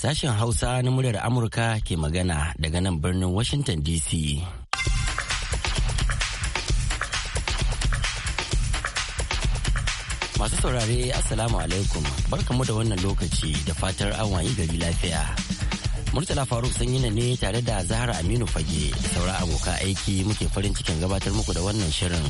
Sashen Hausa na muryar Amurka ke magana daga nan birnin Washington DC. Masu saurare Assalamu alaikum barkamu da wannan lokaci da fatar an wayi gari lafiya. Murtala Faruk sanyina ne tare da Zahra Aminu Fage da sauran abokan aiki muke farin cikin gabatar muku da wannan shirin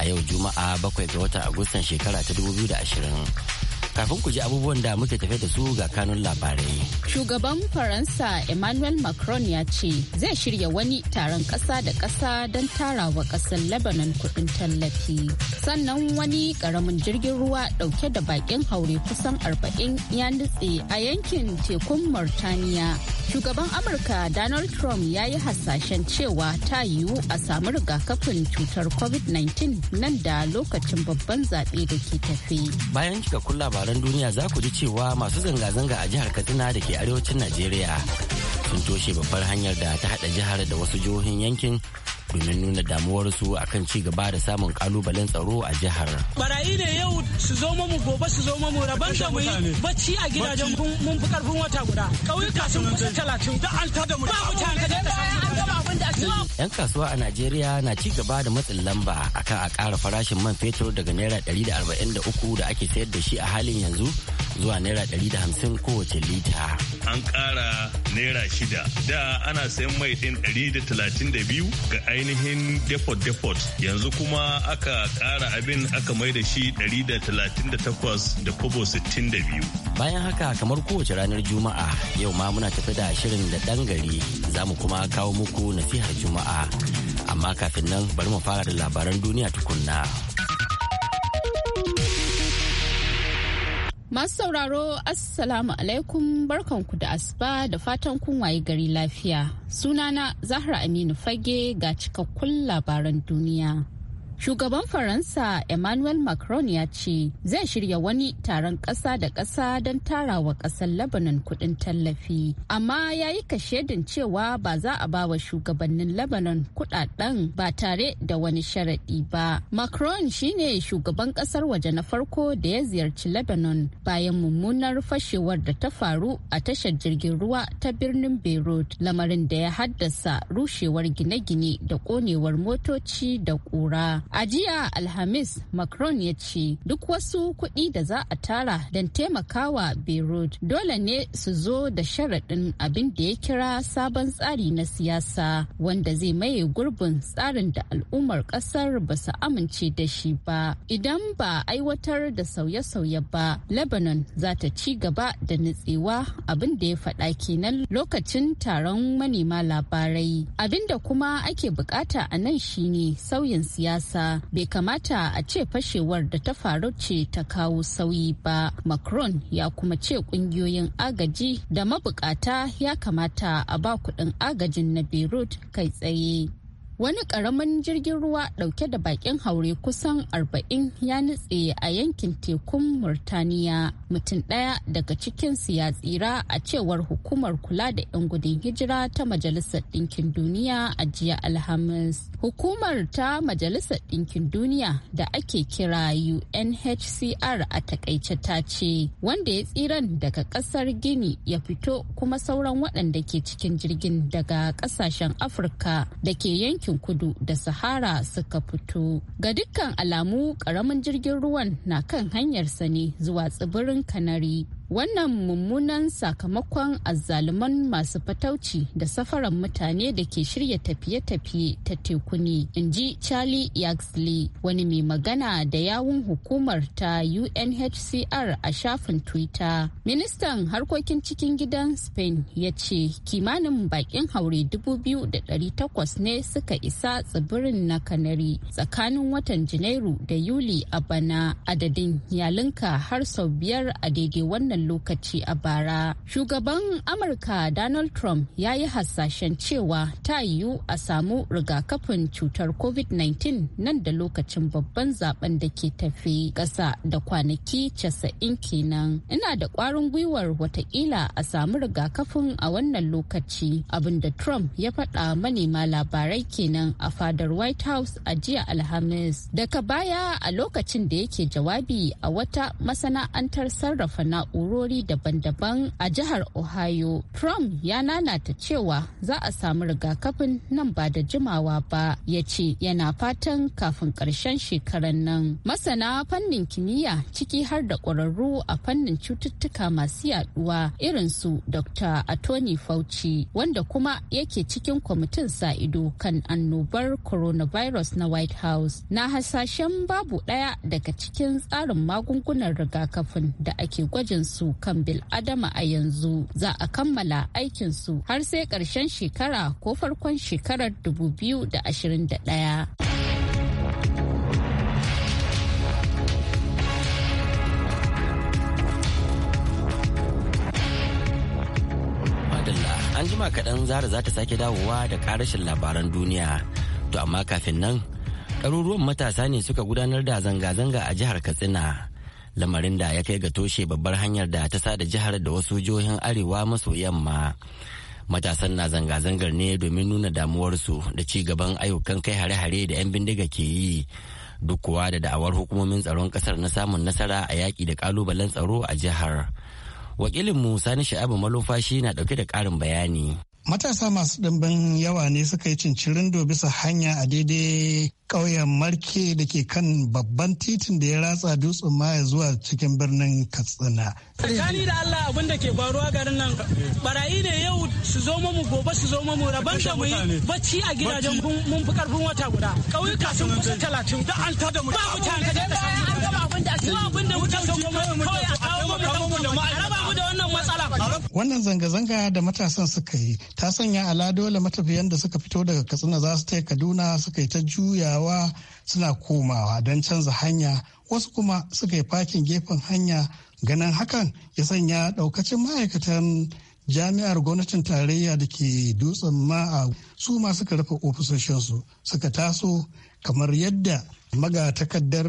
a yau Juma'a bakwai ga watan Agustan shekara ta 2020. kafin ku ji abubuwan da muke tafe da su ga kanun labarai. Shugaban Faransa Emmanuel Macron ya ce zai shirya wani taron ƙasa da ƙasa don tarawa ƙasar Lebanon kuɗin tallafi. Sannan wani ƙaramin jirgin ruwa ɗauke da baƙin haure kusan arba'in ya nutse a yankin tekun Mauritania. Shugaban Amurka Donald Trump ya yi hasashen cewa ta yiwu a samu rigakafin cutar COVID-19 nan da lokacin babban zaɓe da ke tafe. Bayan kula ba. labaran duniya za ku ji cewa masu zanga-zanga a jihar Katsina da ke arewacin Najeriya sun toshe babbar hanyar da ta hada jihar da wasu jihohin yankin domin nuna damuwarsu akan ci gaba da samun kalubalen tsaro a jihar. Barayi ne yau su zo mu gobe su zo mu rabon da mu bacci a gidajen mun fi karfin wata guda. Ƙauyuka sun kusa talatin da an tada mu. Ba mutane da 'Yan kasuwa a Najeriya na ci gaba da matsin lamba akan a ƙara farashin man fetur daga Naira 143 da ake sayar da shi a halin yanzu zuwa naira ɗari da hamsin kowace lita. An ƙara naira shida. Da ana sayan mai ɗin ɗari da talatin da biyu ga ainihin depot depot. Yanzu kuma aka ƙara abin aka mai da shi ɗari da talatin da takwas da kobo sittin da biyu. Bayan haka kamar kowace ranar Juma'a yau ma muna tafi da shirin da ɗan gari za mu kuma kawo muku nasihar Juma'a. Amma kafin nan bari mu fara da labaran duniya tukunna. Masu sauraro Assalamu alaikum barkanku da asuba da fatan kun waye gari lafiya. Sunana Zahra Aminu Fage ga cikakkun labaran duniya. Shugaban Faransa Emmanuel Macron ya ce zai shirya wani taron ƙasa da ƙasa don tara wa ƙasar Lebanon kuɗin tallafi. Amma ya yi kashedin cewa ba za a bawa shugabannin Lebanon kuɗaɗen ba tare da wani sharaɗi ba. Macron shine shugaban ƙasar waje na farko da ya ziyarci Lebanon bayan mummunar fashewar da ta faru a tashar jirgin ruwa ta birnin Beirut lamarin da ya haddasa rushewar gine-gine da ƙonewar motoci da A jiya Alhamis, Macron ya ce duk wasu kuɗi da za a tara don taimakawa Beirut dole ne su zo da sharaɗin abin da ya kira sabon tsari na siyasa wanda zai maye gurbin tsarin da al'ummar ƙasar ba su amince da shi ba. Idan ba aiwatar da sauye-sauye ba, Lebanon za ta ci gaba da nutsewa abin da ya faɗa kenan lokacin taron manema labarai. Abin da kuma ake bukata a nan shine sauyin siyasa. bai kamata a ce fashewar da ta faru ce ta kawo sauyi ba macron ya kuma ce ƙungiyoyin agaji da mabukata ya kamata a ba kuɗin agajin na beirut kai tsaye wani karamin jirgin ruwa dauke da bakin haure kusan 40 ya nutse a yankin tekun murtaniya mutum daya daga cikinsu ya tsira a cewar hukumar kula da 'yan gudun hijira ta majalisar ɗinkin duniya a jiya alhamis hukumar ta majalisar ɗinkin duniya da ake kira unhcr a takaice ta ce wanda ya tsiran daga kasar gini ya fito kuma sauran waɗanda ke cikin jirgin daga ƙasashen afirka da ke yankin yankin kudu da sahara suka fito ga dukkan alamu karamin jirgin ruwan na kan hanyarsa ne zuwa tsibirin kanari wannan mummunan sakamakon azzaluman masu fatauci da safaran mutane da ke shirya tafiye-tafiye ta teku ne in ji charlie yaxley wani mai magana da yawun hukumar ta unhcr a shafin twitter ministan harkokin cikin gidan spain ya ce kimanin bakin haure 2,800 ne suka isa tsibirin na kanari tsakanin watan janairu da yuli a bana adadin yalinka har sau biyar a daidai wannan wannan lokaci a bara. Shugaban Amurka Donald Trump ya yi hasashen cewa ta yiwu a samu rigakafin cutar COVID-19 nan da lokacin babban zaben da ke tafi ƙasa da kwanaki casa'in kenan. Ina da ƙwarin gwiwar watakila a samu rigakafin a wannan lokaci da Trump ya faɗa manema labarai kenan a fadar White House a jiya Alhamis. Daga baya a lokacin da yake jawabi a wata masana'antar sarrafa na'ura. jagorori daban-daban a jihar ohio trump ya nanata cewa za a samu rigakafin nan ba da jimawa ba ya ce yana fatan kafin karshen shekaran nan masana fannin kimiyya ciki har da ƙwararru a fannin cututtuka masu yaduwa irinsu dr atoni fauci wanda kuma yake cikin kwamitin sa ido kan annobar coronavirus na white house na hasashen babu ɗaya daga cikin tsarin magungunan rigakafin da ake gwajin su kan bil'adama a yanzu za a kammala aikinsu har sai ƙarshen shekara ko farkon shekarar 2021. an jima kaɗan zara za ta sake dawowa da ƙarashin labaran duniya to amma kafin nan ɗaruruwan matasa ne suka gudanar da zanga-zanga a jihar katsina lamarin da ya kai ga toshe babbar hanyar da ta sada jihar da wasu jihohin arewa maso yamma matasan na zanga-zangar ne domin nuna damuwarsu da ci gaban ayyukan kai hare-hare da 'yan bindiga ke yi duk kuwa da da'awar hukumomin tsaron kasar na samun nasara a yaƙi da ƙalubalen tsaro a jihar wakilin musa ni sha'abu malofashi na ɗauke da ƙarin bayani matasa masu ɗimbin yawa ne suka yi cincirin bisa hanya a daidai ƙauyen marke da ke kan babban titin da ya ratsa dutsen maya zuwa cikin birnin katsina tsakani da allah abin da ke faruwa garin nan barayi ne yau su zo mu gobe su zo mu rabon da mu yi bacci a gidajen mun fi karfin wata guda ƙauyuka sun kusa talatin da an tada mutane ba mutane da an gaba abin da ake abin da muke so kawai wannan zanga-zanga da matasan suka yi ta sanya ala dole matafiyan da suka fito daga katsina za su taya kaduna suka yi ta juyawa suna komawa don canza hanya wasu kuma suka yi fakin gefen hanya ganin hakan ya sanya daukacin ma'aikatan jami'ar gwamnatin tarayya da ke dutsen ma'a su ma suka rufe ofisoshinsu suka taso kamar yadda maga takaddar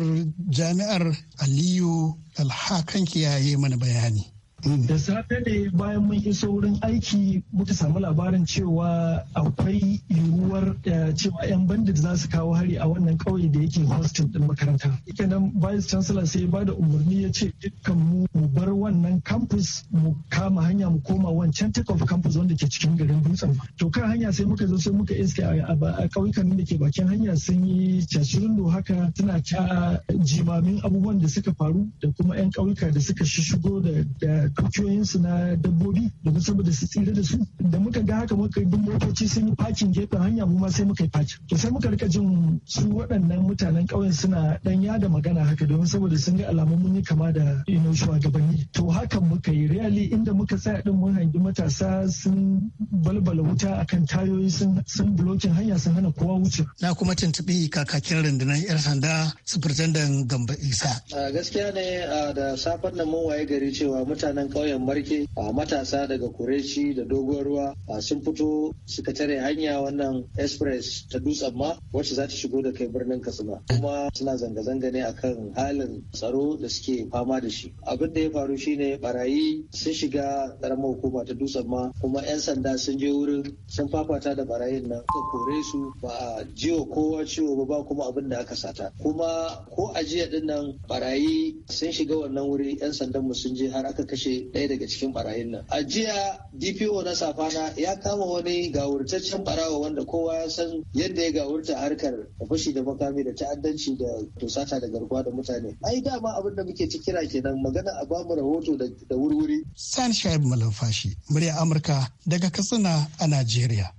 jami'ar aliyu alhakan kiyaye mana bayani Da safe ne bayan mun iso wurin aiki muka samu labarin cewa akwai yiwuwar eh, cewa 'yan bandit za su kawo hari a wannan kauye da yake hostel din makaranta. Ita nan vice chancellor sai ba da umarni ya ce dukkan mu mu bar wannan campus mu kama hanya mu koma wancan take of campus wanda ke cikin garin dutsen. To kan hanya sai muka zo sai muka iske a kauyukan da ke bakin hanya sun yi cacirindo haka suna ta jimamin abubuwan da suka faru da kuma 'yan kauyuka da suka shishigo da kuciyoyinsu na dabbobi domin saboda su tsira da su da muka ga haka muka bin motoci sun yi fakin gefen hanya mu ma sai muka yi fakin to sai muka rika jin su waɗannan mutanen ƙauyen suna ɗan yada magana haka domin saboda sun ga alamun mun yi kama da ino shugabanni to haka muka yi reali inda muka tsaya din mun hangi matasa sun balbala wuta akan tayoyi sun sun bulokin hanya sun hana kowa wuce na kuma tuntubi kakakin rundunar yar sanda sufurtandan gamba isa gaskiya ne da safar da mun waye gari cewa mutanen nan ƙauyen marke a matasa daga kureci da doguwar ruwa sun fito suka tare hanya wannan express ta dutsen ma wacce za ta shigo da kai birnin katsina kuma suna zanga-zanga ne akan halin tsaro da suke fama da shi abin da ya faru shine barayi sun shiga karamar hukuma ta dutsen ma kuma 'yan sanda sun je wurin sun fafata da barayin nan ka kore su ba a jiwa kowa ciwo ba kuma abin da aka sata kuma ko a jiya din barayi sun shiga wannan wuri 'yan sandan mu sun je har aka kashe ɗaya daga cikin barayin nan a jiya dpo na safana ya kama wani gawurtaccen barawa wanda kowa ya san yadda ya gawurta harkar fashi da makami da ta'addanci da tosata da garkuwa da mutane ai dama abin da muke cikira kira kenan magana a ba mu rahoto da wurwuri san shaib malamfashi murya amurka daga katsina a najeriya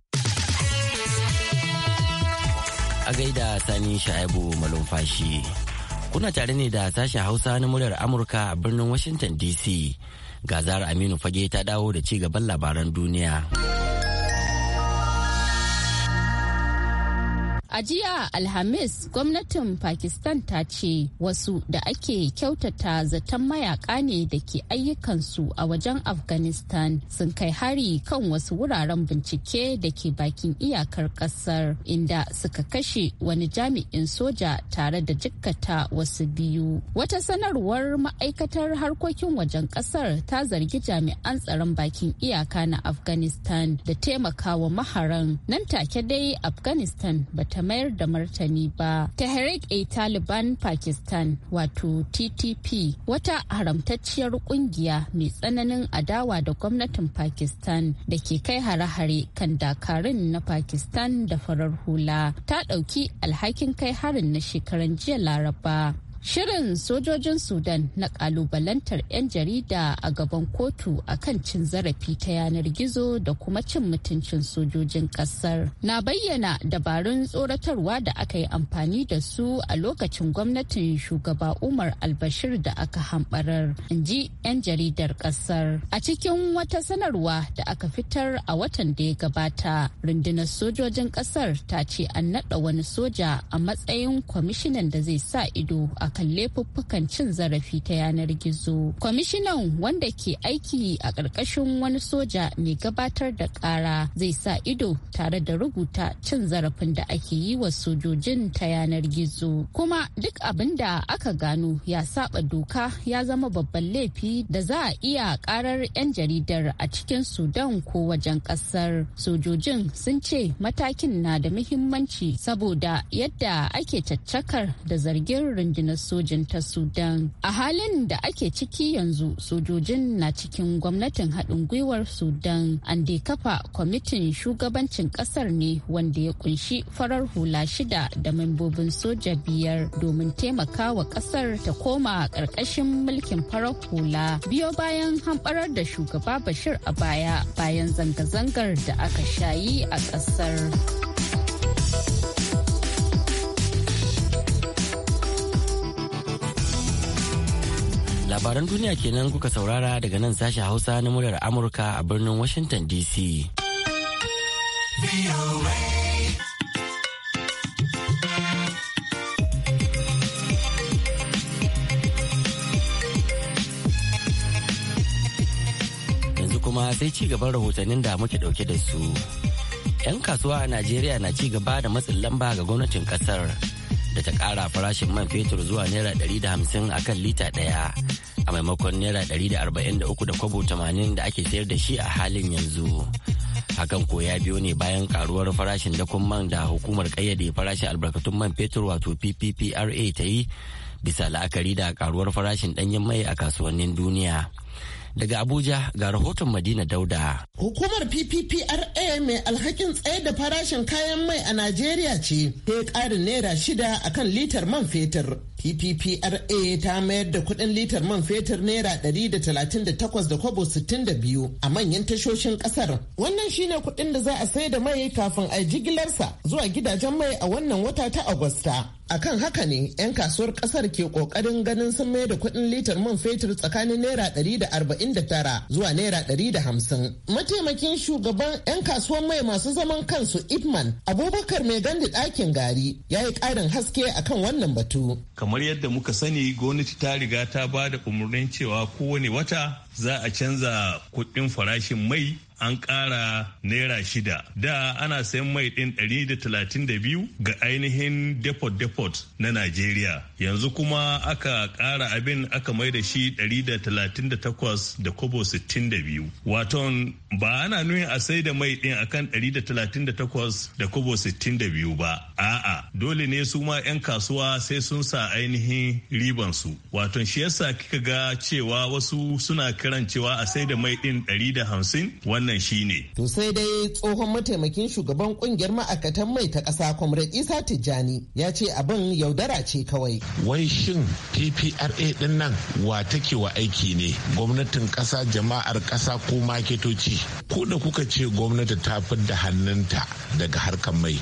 a gaida sani sha'ibu malumfashi Kuna tare ne da sashen Hausa na muryar Amurka a birnin Washington DC. Gazar Aminu Fage ta dawo da ci gaban labaran duniya. A jiya Alhamis gwamnatin Pakistan ta ce wasu da ake kyautata zaton mayaka ne da ke ayyukansu a wajen Afghanistan sun kai hari kan wasu wuraren bincike da ke bakin iyakar kasar inda suka kashe wani jami'in soja tare da jikkata wasu biyu. Wata sanarwar ma'aikatar harkokin wajen kasar ta zargi jami'an tsaron bakin iyaka na Afghanistan da taimakawa maharan nan take dai Afghanistan bata mayar da martani ba. Tehrik a Taliban Pakistan wato TTP wata haramtacciyar kungiya mai tsananin adawa da gwamnatin Pakistan da ke kai hare-hare kan dakarun na Pakistan da farar hula ta ɗauki alhakin kai harin na shekaran jiya Laraba. Shirin sojojin Sudan na kalubalantar 'yan jarida a gaban kotu a kan cin zarafi ta yanar gizo da kuma cin mutuncin sojojin kasar na bayyana dabarun tsoratarwa da aka yi amfani da su a lokacin gwamnatin shugaba Umar Albashir da aka hambarar, in ji 'yan jaridar kasar. A cikin wata sanarwa da aka fitar a watan da ya gabata, rundunar sojojin kasar ta ce an naɗa wani soja a matsayin kwamishinan da zai sa ido akan laifuffukan cin zarafi ta yanar gizo. Kwamishinan wanda ke aiki a ƙarƙashin wani soja mai gabatar da ƙara zai sa ido tare da rubuta cin zarafin da ake yi wa sojojin ta yanar gizo. Kuma duk abin da aka gano ya saba doka ya zama babban laifi da za a iya ƙarar 'yan jaridar a cikin Sudan ko wajen ƙasar. Sojojin sun ce matakin na da muhimmanci saboda yadda ake caccakar da zargin rundunar sojin ta Sudan. A halin da ake ciki yanzu sojojin na cikin gwamnatin haɗin gwiwar Sudan an dai kafa kwamitin shugabancin ƙasar ne wanda ya kunshi farar hula shida da membobin soja biyar domin taimakawa ƙasar ta koma ƙarƙashin mulkin farar hula biyo bayan hamɓarar da shugaba Bashir a baya bayan zanga-zangar da aka shayi a ƙasar. labaran duniya kenan kuka saurara daga nan sashi hausa na muryar amurka a birnin washington dc yanzu kuma sai ci gaban rahotannin da muke dauke da su 'yan kasuwa a najeriya na ci gaba da matsin lamba ga gwamnatin kasar da ta kara farashin man fetur zuwa naira 150 kan lita daya a maimakon naira 143 da kwabo 80 da ake sayar da shi a halin yanzu. hakan ko ya biyo ne bayan karuwar farashin dakon man da hukumar kayyade farashin albarkatun man fetur wato pppra ta yi bisa la'akari da karuwar farashin danyen mai a kasuwannin duniya daga abuja ga rahoton madina dauda hukumar pppra mai alhakin tsaye da farashin kayan mai a najeriya ce ta karin naira shida akan litar man fetur E PPPRA ta mayar da kuɗin litar man fetur naira 138.62 a manyan tashoshin ƙasar wannan shine kuɗin da za a sai da mai kafin a jigilarsa zuwa gidajen mai a wannan wata ta agusta a kan haka ne 'yan kasuwar kasar ke ƙoƙarin ganin sun mayar da kuɗin litar man fetur tsakanin naira 149 zuwa naira 150 mataimakin shugaban 'yan kasuwar mai masu zaman kansu ipman abubakar mai gandu ɗakin gari ya yi ƙarin haske akan wannan batu kamar yadda muka sani gwamnati ta riga ta ba da umarnin cewa kowane wata za a canza kuɗin farashin mai an ƙara naira shida da ana sayan mai ɗin 132 ga ainihin depot-depot na najeriya yanzu kuma aka ƙara abin aka mai da shi 138 da kobo 62 waton ba ana nuhin a sai da mai ɗin akan 138 da kobo 62 ba a'a dole ne su ma 'yan kasuwa sai sun sa ainihin ribansu wato shi yasa kika ga cewa wasu suna kiran cewa a sai da mai ɗin 150 wannan shi ne. to sai dai tsohon mataimakin shugaban kungiyar ma'aikatan mai ta ƙasa comrade isa tijjani ya ce abin yaudara ce kawai wai shin ppra din nan wa take wa aiki ne gwamnatin ƙasa jama'ar ƙasa ko maketoci ko da kuka ce gwamnati ta fi da hannunta daga harkar mai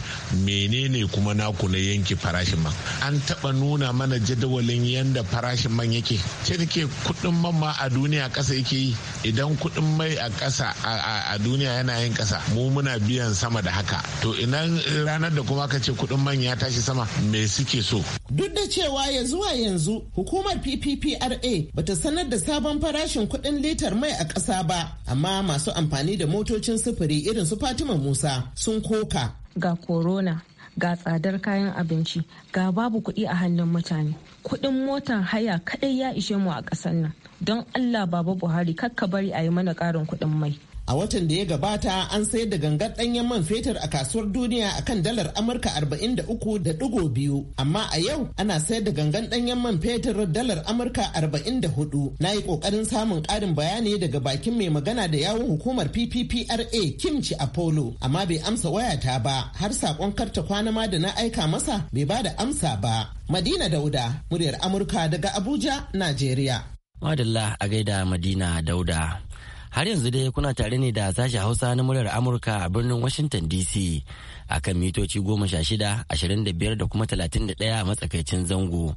menene kuma na na yanke farashin man an taba nuna mana jadawalin yadda farashin man yake ce da ke kudin man ma a duniya kasa yake yi idan kudin mai a kasa a duniya yana yin kasa mu muna biyan sama da haka to ina ranar da kuma ka ce kudin man ya tashi sama me suke so duk da cewa ya zuwa yanzu hukumar PPPRA bata sanar da sabon farashin kudin litar mai a kasa ba amma masu amfani amfani da motocin sufuri irin su Fatima Musa sun koka. Ga korona ga tsadar kayan abinci, ga babu kuɗi a hannun mutane. Kuɗin motar haya kaɗai ya ishe mu a ƙasar nan. Don Allah Baba Buhari kakka bari a yi mana ƙarin kuɗin mai. A watan da ya gabata an sayar da gangar ɗanyen man fetur a kasuwar duniya a kan dalar Amurka da 43.2 amma a yau ana sayar da gangar ɗanyen man fetur dalar Amurka 44. Na yi ƙoƙarin samun ƙarin bayani daga bakin mai magana da yawun hukumar PPPRA Kimchi Apollo amma bai amsa wayata ba har saƙon karta kwana ma da na aika masa bai ba da amsa ba. Madina Dauda, muryar Amurka daga Abuja, Najeriya. Madalla a gaida Madina Dauda. Har yanzu dai kuna tare ne da sashi Hausa na muryar Amurka a birnin Washington DC a kan mitoci goma sha shida, ashirin da biyar da kuma talatin da ɗaya a matsakaicin zango.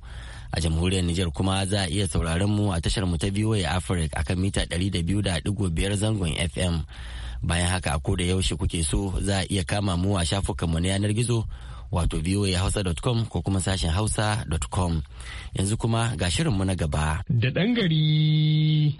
A jamhuriyar Nijar kuma za a iya sauraron mu a tashar mu ta VOA Africa a kan mita ɗari da biyu da ɗigo biyar zangon FM. Bayan haka a da yaushe kuke so za a iya kama mu a mu na yanar gizo wato voahausa.com ko kuma sashen hausa.com. Yanzu kuma ga shirin mu na gaba. Da ɗan gari.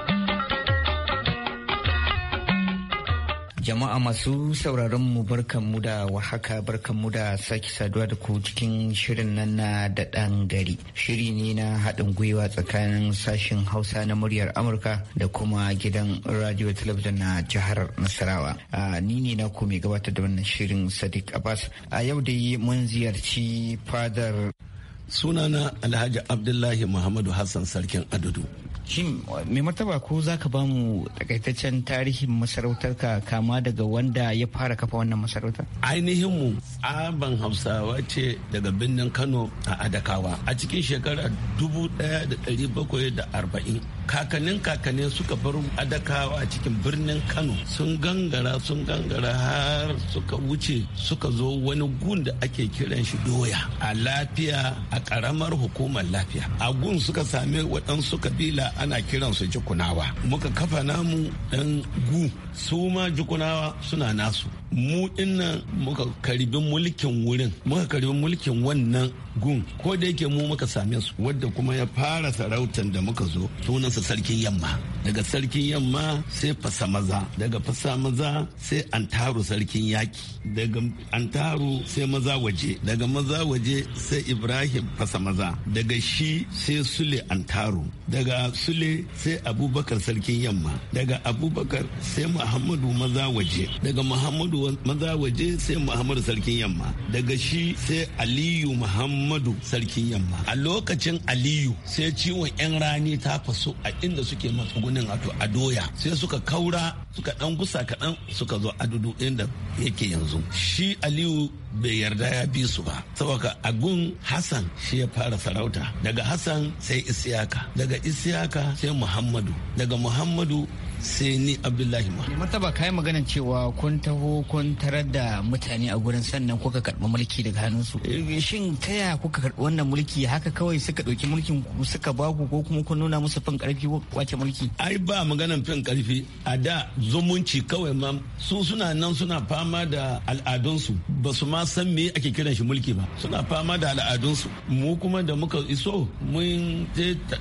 Jama'a masu sauraron mu mu da wahaka mu da sake saduwa da ku cikin shirin nan na da ɗan gari. Shiri ne na haɗin gwiwa tsakanin sashen Hausa na muryar Amurka da kuma gidan radio talabijin na jihar Nasarawa. Ni ne na ku mai gabatar da wannan shirin Sadiq Abbas. A yau dai mun ziyarci fadar sunana Alhaji Abdullahi Muhammadu Hassan Sarkin Adudu. shin mai martaba ko za ka ba mu takaitaccen tarihin masarautar ka kama daga wanda ya fara kafa wannan masarautar ainihin mu tsaban hausawa ce daga birnin kano a adakawa a cikin shekara 1740 kakannin kakannin suka bar adakawa a cikin birnin kano sun gangara sun gangara har suka wuce suka zo wani gun da ake kiran shi doya a lafiya a karamar hukumar lafiya a gun suka same waɗansu kabila ana kiran su jikunawa muka kafa namu ɗan gu su ma jikunawa suna nasu mu dinnan muka karbi mulkin wurin muka karbi mulkin wannan gun ko da yake mu muka same su wadda kuma ya fara sarautan da muka zo sunansa sarkin yamma daga sarkin yamma sai fasa maza daga fasa maza sai antaru sarkin yaki daga antaru sai maza waje daga maza waje sai ibrahim fasa maza daga shi sai sule antaru daga sule sai abubakar sarkin yamma daga abubakar sai muhammadu maza waje daga muhammadu maza waje sai muhammadu sarkin yamma daga shi sai aliyu muhammadu muhammadu sarkin yamma a lokacin aliyu sai ciwon yan rani ta faso a inda suke matsugunin a doya sai suka kaura suka dan gusa kaɗan suka zo adudu inda yake yanzu shi aliyu bai yarda ya bi su ba saboda agun hassan shi ya fara sarauta daga hassan sai isiyaka daga isiyaka sai muhammadu daga muhammadu sai ni abdullahi ma martaba yi magana cewa kun taho kun tarar da mutane a gurin sannan kuka karɓi mulki daga hannunsu eh. shin ta yaya kuka karɓi wannan mulki haka kawai suka ɗauki mulkin suka baku ko kuma kun nuna musu fin ƙarfi wace mulki ai ba maganan fin ƙarfi a da zumunci kawai ma su suna nan suna fama da al'adunsu ba su ma san me ake kiran shi mulki ba suna fama da al'adunsu mu kuma da muka iso mun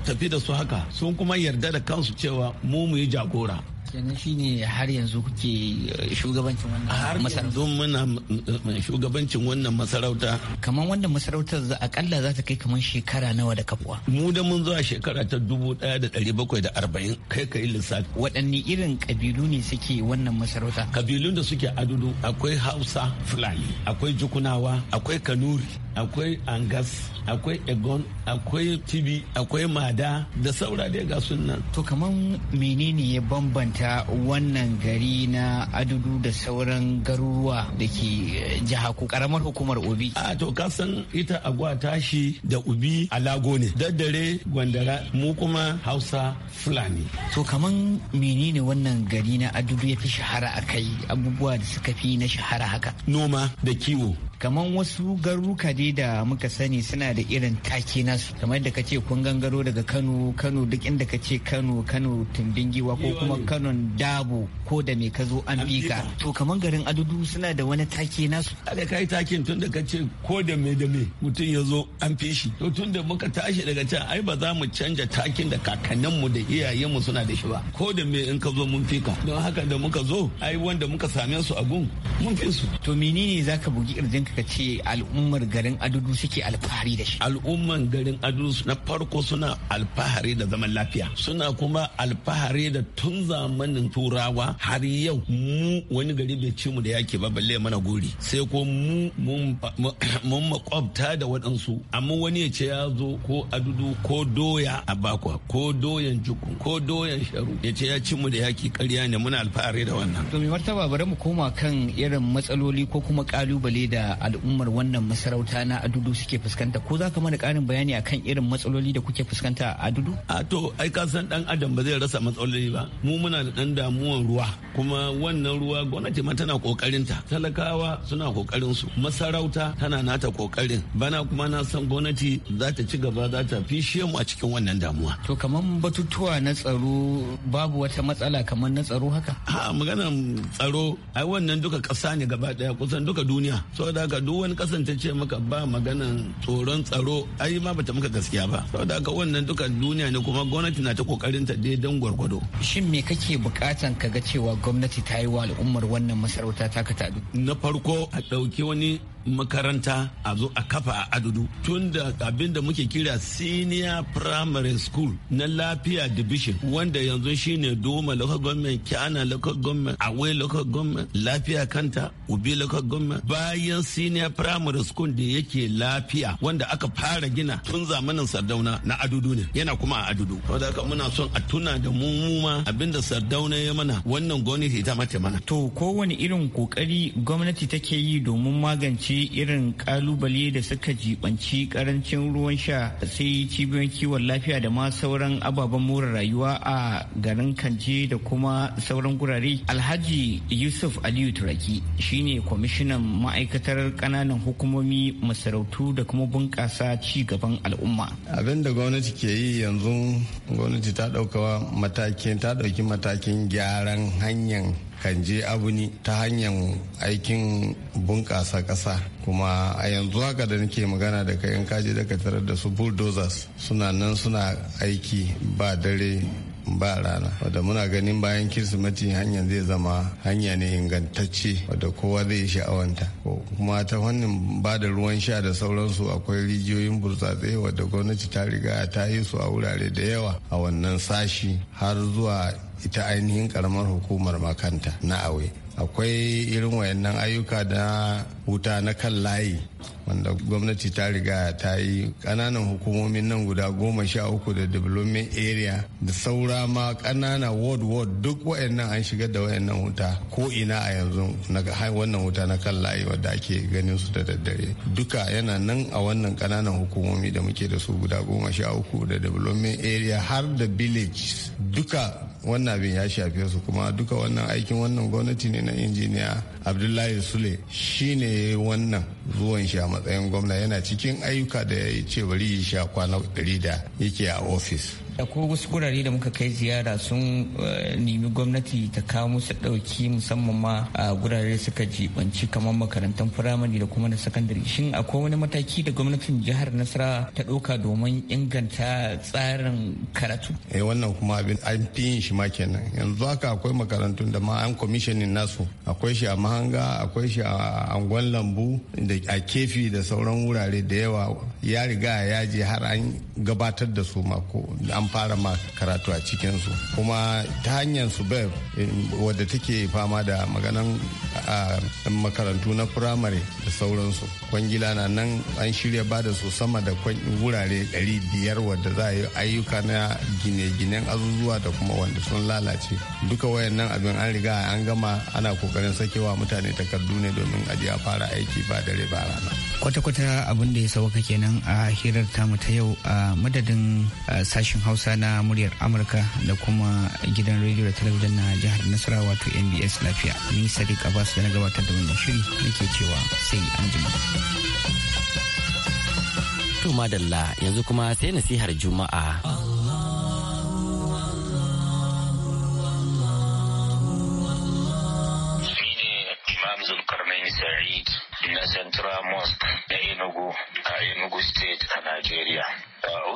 tafi da su haka sun kuma yarda da kansu cewa mu mu yi jagora kenan shine har yanzu kuke eh, eh, shugabancin wannan masarauta muna shugabancin wannan masarauta kamar wannan masarautar akalla za ta kai kamar shekara nawa da kafuwa mu da mun zuwa shekara ta dubu da ɗari bakwai arba'in kai ka yi lissafi waɗanne irin kabilu ne suke wannan masarauta kabilun da suke adudu akwai hausa fulani akwai jukunawa akwai kanuri akwai angas akwai egon akwai tibi akwai mada da saura dai ga sunan to kamar menene ya bambanta ta wannan gari na adudu da sauran garuruwa da ke eh, jiha ko karamar hukumar obi a to kasan ita agwa tashi da ubi a lago ne daddare gwandara mu kuma hausa fulani to kaman menene wannan gari na adudu ya fi shahara a kai abubuwa da suka fi na shahara haka noma da kiwo kaman wasu garuruka dai da muka sani suna da irin take nasu kamar yadda ka ce kun gangaro daga kano kano duk inda ka ce kano kano tumbin giwa ko kuma kano nonon dabo ko da me ka zo an bika to kaman garin adudu suna da wani take nasu da kai takin tun da ka ce ko da me da me mutum ya zo an feshi. to tun da muka tashi daga can ai ba za mu canja takin da mu da iyayen mu suna da shi ba ko da me in ka zo mun fika. don haka da muka zo ai wanda muka same su a gun mun fi su to menene zaka bugi irjin ka ce al'ummar garin adudu suke alfahari da shi al'umman garin adudu na farko suna alfahari da zaman lafiya suna kuma alfahari da tun zamu zamanin turawa har yau mu wani gari bai ci mu da yaki ba balle mana gori sai ko mu mun makwabta da waɗansu amma wani ya ce ya zo ko adudu ko doya a bakwa ko doyan juku ko doyan sharu ya ce ya ci mu da yaki ƙarya ne muna alfahari da wannan. to mai martaba bari mu koma kan irin matsaloli ko kuma kalubale da al'ummar wannan masarauta na adudu suke fuskanta ko za ka mana ƙarin bayani akan irin matsaloli da kuke fuskanta a adudu. a to ai ka san dan adam ba zai rasa matsaloli ba mu muna da dan damuwan ruwa kuma wannan ruwa gwamnati ma tana kokarin ta talakawa suna kokarin su masarauta tana nata kokarin bana kuma na san gwamnati za ta ci gaba za ta shi mu a cikin wannan damuwa to kamar batutuwa na tsaro babu wata matsala kamar na tsaro haka ha maganar tsaro ai wannan duka kasa ne gaba daya kusan duka duniya saboda haka duk wani kasance ce maka ba maganan tsoron tsaro ai ma bata maka gaskiya ba saboda haka wannan duka duniya ne kuma gwamnati na ta kokarin ta dai dan gwargwado shin me kake bukatan kaga cewa gwamnati ta yi wa al'ummar wannan masarauta ta ka tadu? Na farko a ɗauki wani makaranta a zo a kafa a adudu tun da abin da muke kira senior primary school na lafiya division wanda yanzu shine doma local government kyana local government away local government lafiya kanta ubi local government bayan senior primary school da yake lafiya wanda aka fara gina tun zamanin sardauna na adudu ne yana kuma a adudu wanda haka muna son a tuna da mu abin da sardauna ya mana wannan gwamnati ta mace mana to kowane irin kokari gwamnati take yi domin magance fuskanci irin kalubale da suka jibanci karancin ruwan sha sai cibiyoyin kiwon lafiya da ma sauran ababen more rayuwa a garin kanje da kuma sauran gurare alhaji yusuf aliyu turaki shine kwamishinan ma'aikatar kananan hukumomi masarautu da kuma bunƙasa ci gaban al'umma abin da gwamnati ke yi yanzu gwamnati ta ɗauki matakin gyaran hanyar kan je abu abuni ta hanyar aikin bunƙasa ƙasa kuma a yanzu haka da nake magana da kayan kaji daga tarar da su bulldozers suna nan suna aiki ba dare ba rana wadda muna ganin bayan kirsimeti hanyar zai zama hanya ne ingantacce wadda kowa zai sha'awanta kuma ta fannin ba da ruwan sha da sauransu akwai rijiyoyin burtsatse wadda gwamnati ta riga ta yi su a wurare da yawa a wannan sashi har zuwa ita ainihin karamar hukumar makanta na awe akwai irin wayannan ayyuka da wuta na kan layi wanda gwamnati ta riga ta yi kananan hukumomin nan guda goma sha uku da development area da saura ma kanana ward ward duk wayannan an shiga da wayannan wuta ko ina a yanzu na wannan wuta na kan layi wadda ake ganin su da daddare duka yana nan a wannan kananan hukumomi da muke da su guda goma sha uku da development area har da village duka wannan abin ya shafe su kuma duka wannan aikin wannan gwamnati ne na injiniya abdullahi sule shi ne wannan zuwan shi a matsayin gwamna yana cikin ayyuka da ya yi ce bari ya sha kwana 100 da yake a ofis akwai wasu kurare da muka kai ziyara sun eh, nemi gwamnati ta kawo musu ɗauki musamman ma a gurare suka jibanci kamar makarantar firamare da kuma na sakandare shin akwai wani mataki da gwamnatin jihar nasara ta ɗauka domin inganta tsarin karatu eh wannan kuma abin an fi yin shi ma kenan yanzu haka akwai makarantun da ma an commissioning nasu akwai shi a mahanga akwai shi a angon lambu da a kefi da sauran wurare da yawa ya riga ya je har an gabatar da su ma ko fara ma karatu a cikinsu kuma ta hanyar su beb wadda take fama da maganan makarantu na firamare da sauransu kwangila na nan an shirya ba da su sama da wurare 500 wadda za a yi ayyuka na gine-ginen azuzuwa da kuma wanda sun lalace duka wayannan abin an riga an gama ana kokarin sakewa mutane takardu ne domin ajiye a fara aiki ba dare ba rana kwata-kwata abin da ya sauka kenan a hirar tamu ta yau a madadin sashen hausa hausa na muryar amurka da kuma gidan rediyo da talabijin na jihar nasara wato mbs lafiya ni sadiq abbas da na gabatar da wannan shiri nake cewa sai an jima to madalla yanzu kuma sai nasihar juma'a na central mosque na enugu a enugu state a nigeria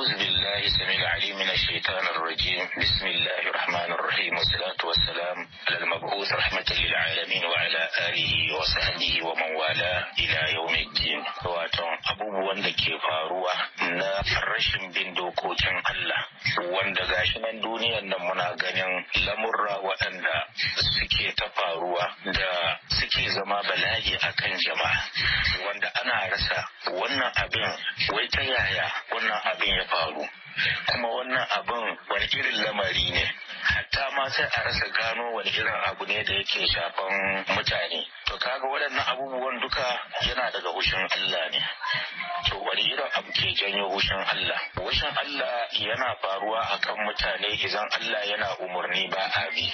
أعوذ بالله السميع العليم من الشيطان الرجيم بسم الله الرحمن الرحيم والصلاة والسلام على المبعوث رحمة للعالمين وعلى آله وصحبه ومن والاه إلى يوم الدين واتون أبو لكي فاروة نا rashin bin dokokin الله wanda gashi nan duniyan nan muna ganin lamurra waɗanda suke ta faruwa da suke zama bala'i a kan jama'a wanda ana rasa wannan abin wai ta yaya wannan abin ya faru kuma wannan abin wani irin lamari ne hatta ma sai a rasa gano wani irin abu ne da yake shafan mutane to kaga waɗannan abubuwan duka yana daga hushin Allah ne to wani irin abu ke janyo hushin Allah hushin Allah yana faruwa akan mutane idan Allah yana umarni ba a bi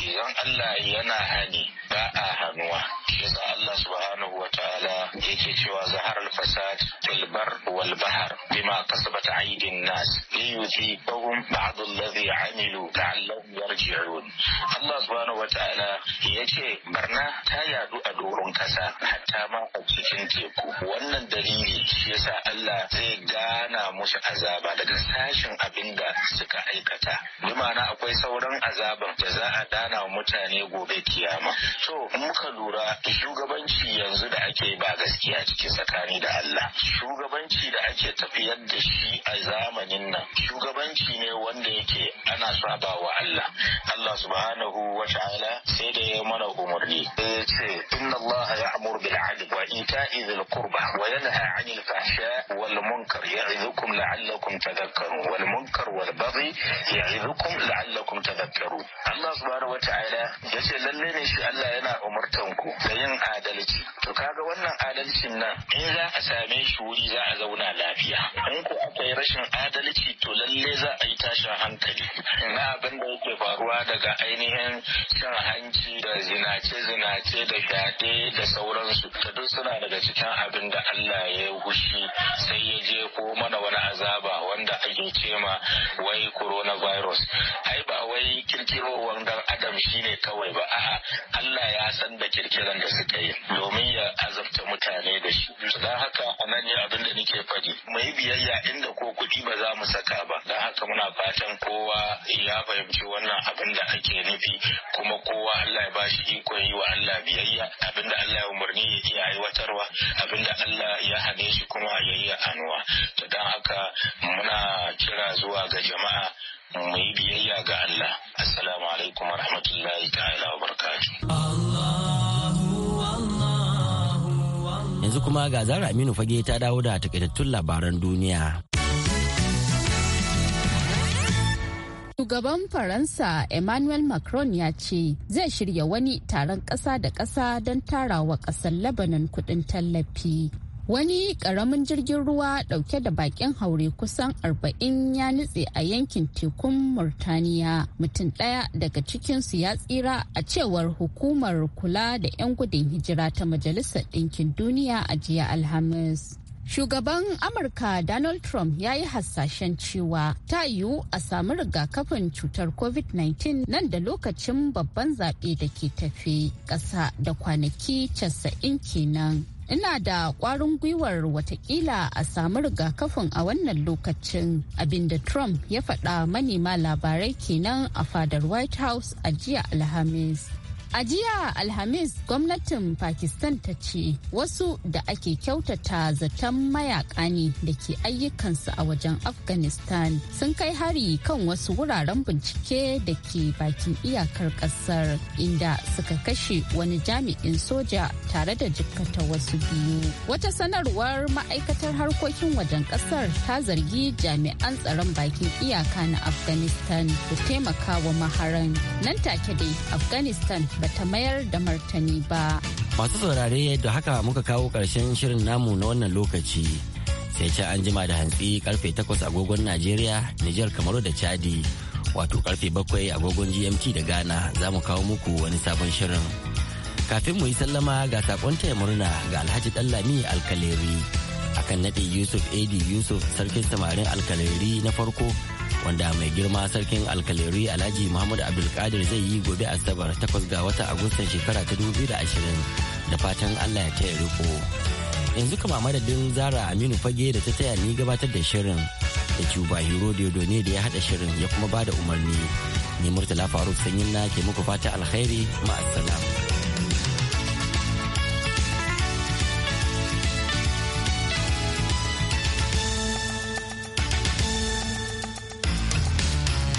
idan Allah yana hani ba a hannuwa yasa Allah subhanahu wa ta'ala yake cewa zahar al-fasad fil bar wal bahr bima kasabat aydin nas liyuthibahum ba'd alladhi amilu ka rage yarji'un Allah subhanahu wataala ce barna ta yadu a doron kasa hatta ma a cikin teku wannan dalili shi yasa Allah zai gana musu azaba daga sashin da suka aikata bi ma'ana akwai sauran azaban da za a dana mutane gobe kiyama to in muka lura shugabanci yanzu da ake ba gaskiya cikin tsakani da Allah shugabanci da ake tafiyar da shi a zamanin nan shugabanci ne wanda yake ana so wa Allah Allah subhanahu wa ta'ala sai da ya mana umarni ya ce inna Allah ya'mur bil adl wa ita'i dhil qurba wa yanha 'anil fahsha wal munkar ya'idhukum la'allakum tadhakkarun wal munkar wal baghi ya'idhukum la'allakum tadhakkarun Allah subhanahu wa ta'ala ya ce lalle ne shi Allah yana umartan ku da yin adalci to kaga wannan adalcin nan in za a same shi wuri za a zauna lafiya in ku akwai rashin adalci to lalle za a yi tashin hankali na abin da yake faruwa daga ainihin shan hanci da zinace-zinace da fyaɗe da sauransu ta duk suna daga cikin abin da Allah ya hushi sai ya je ko mana wani azaba wanda ake cema wai coronavirus ai ba wai kirkirowar dan adam shine kawai ba a'a Allah ya san da kirkiran da suka yi domin ya azabta mutane da shi don haka a ne abin da nake faɗi Mai biyayya inda ko kuɗi ba za mu saka ba don haka muna fatan kowa ya fahimta fahimci wannan abin da ake nufi kuma kowa Allah ya bashi ikon yi wa Allah biyayya abin da Allah ya umarni ya iya aiwatarwa abin da Allah ya hane shi kuma ya yi anuwa to dan haka muna kira zuwa ga jama'a mu yi biyayya ga Allah assalamu alaikum warahmatullahi rahmatullahi ta'ala wa barakatuh yanzu kuma ga zara aminu fage ta dawo da takaitattun labaran duniya Shugaban Faransa Emmanuel Macron ya ce zai shirya wani taron ƙasa da ƙasa don tara wa ƙasar Lebanon kuɗin tallafi. Wani ƙaramin jirgin ruwa ɗauke da baƙin haure kusan arba'in ya nutse a yankin tekun Murtaniya. Mutum ɗaya daga cikinsu ya tsira a cewar hukumar kula da 'yan gudun hijira ta Majalisar Ɗinkin Duniya a jiya Alhamis. Shugaban Amurka Donald Trump ya yi hasashen cewa ta yiwu a samu rigakafin cutar COVID-19 nan da lokacin babban zaɓe da ke tafe ƙasa da kwanaki casa'in kenan. ina da ƙwarin gwiwar watakila a samu rigakafin a wannan lokacin abinda trump ya faɗa manema labarai kenan a fadar white house a jiya alhamis A jiya Alhamis gwamnatin Pakistan ta ce wasu da ake kyautata zaton mayaka ne da ke ayyukansu a wajen Afghanistan sun kai hari kan wasu wuraren bincike da ke bakin iyakar kasar inda suka kashe wani jami'in soja tare da jikkata wasu biyu. Wata sanarwar ma'aikatar harkokin wajen kasar ta zargi jami'an tsaron bakin iyaka na Afghanistan da wa maharan. Nan take dai Afghanistan bata mayar da martani ba. Masu saurare da haka muka kawo ƙarshen shirin namu na wannan lokaci. Sai ce an jima da hantsi karfe takwas agogon Najeriya, Nijar Kamaru da Chadi. Wato karfe bakwai agogon GMT da Ghana za mu kawo muku wani sabon shirin. Kafin mu yi sallama ga sakon murna ga Alhaji ɗanlami Alkaleri. akan yusuf ad yusuf sarkin samarin alkaleri na farko wanda mai girma sarkin alkaleri alhaji muhammadu abdulkadir zai yi gobe asabar takwas ga wata agustan shekara ta 2020 da da fatan allah ya taya riko yanzu kama madadin zara aminu fage da ta taya ni gabatar da shirin da cuba hero ne da ya haɗa shirin ya kuma bada umarni ne murtala faruk sanyin na ke muku fata alkhairi ma'asalam.